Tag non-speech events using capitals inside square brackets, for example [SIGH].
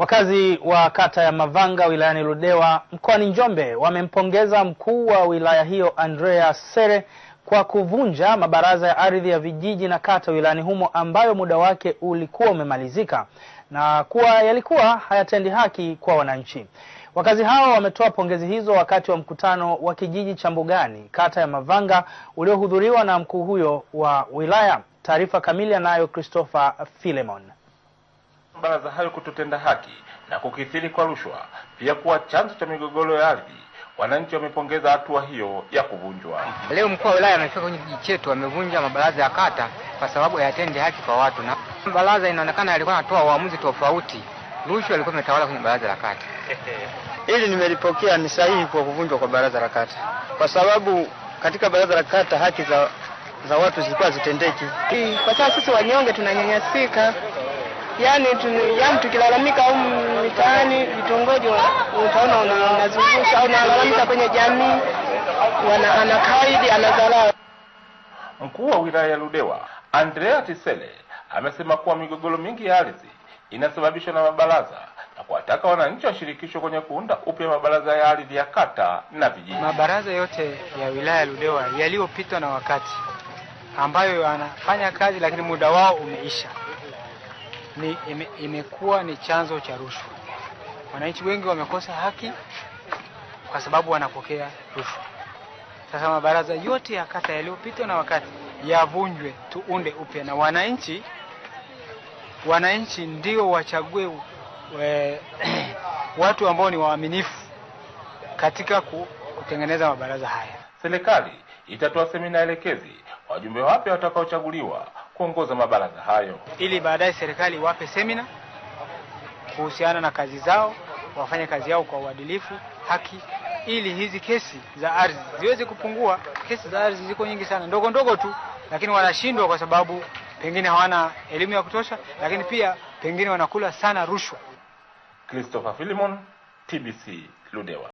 Wakazi wa kata ya Mavanga wilayani Ludewa mkoani Njombe wamempongeza mkuu wa wilaya hiyo Andrea Sere kwa kuvunja mabaraza ya ardhi ya vijiji na kata wilayani humo ambayo muda wake ulikuwa umemalizika na kuwa yalikuwa hayatendi haki kwa wananchi. Wakazi hao wametoa pongezi hizo wakati wa mkutano wa kijiji cha Mbugani kata ya Mavanga uliohudhuriwa na mkuu huyo wa wilaya. Taarifa kamili anayo Christopher Filemon baraza hayo kutotenda haki na kukithiri kwa rushwa pia kuwa chanzo cha migogoro ya ardhi. Wananchi wamepongeza hatua hiyo ya kuvunjwa. Leo mkuu wa wilaya amefika kwenye kijiji chetu, amevunja mabaraza ya kata kwa sababu hayatendi haki kwa watu, na baraza inaonekana alikuwa anatoa uamuzi tofauti. Rushwa ilikuwa imetawala kwenye baraza la kata. [LAUGHS] Hili nimelipokea ni sahihi kwa kuvunjwa kwa baraza la kata, kwa sababu katika baraza la kata haki za za watu zilikuwa zitendeki. Kwa sasa sisi wanyonge tunanyanyasika yani tunyam yaani tukilalamika au mitaani vitongoji, utaona unazungusha au unalalamika kwenye jamii, anakaidi anadharau. Mkuu wa wilaya ya Ludewa Andrea Tisele amesema kuwa migogoro mingi ya ardhi inasababishwa na mabaraza na kuwataka wananchi washirikishwe kwenye kuunda upya mabaraza ya ardhi ya kata na vijiji. Mabaraza yote ya wilaya ya Ludewa yaliyopitwa na wakati, ambayo yanafanya kazi lakini muda wao umeisha ni ime, imekuwa ni chanzo cha rushwa. Wananchi wengi wamekosa haki kwa sababu wanapokea rushwa. Sasa mabaraza yote ya kata yaliyopitwa na wakati yavunjwe, tuunde upya na wananchi, wananchi ndio wachague we, eh, [CLEARS THROAT] watu ambao ni waaminifu katika kutengeneza mabaraza haya. Serikali itatoa semina elekezi wajumbe wapya watakaochaguliwa kuongoza mabaraza hayo, ili baadaye serikali iwape semina kuhusiana na kazi zao, wafanye kazi yao kwa uadilifu, haki, ili hizi kesi za ardhi ziweze kupungua. Kesi za ardhi ziko nyingi sana, ndogo ndogo tu, lakini wanashindwa kwa sababu pengine hawana elimu ya kutosha, lakini pia pengine wanakula sana rushwa. Christopher Filimon, TBC Ludewa.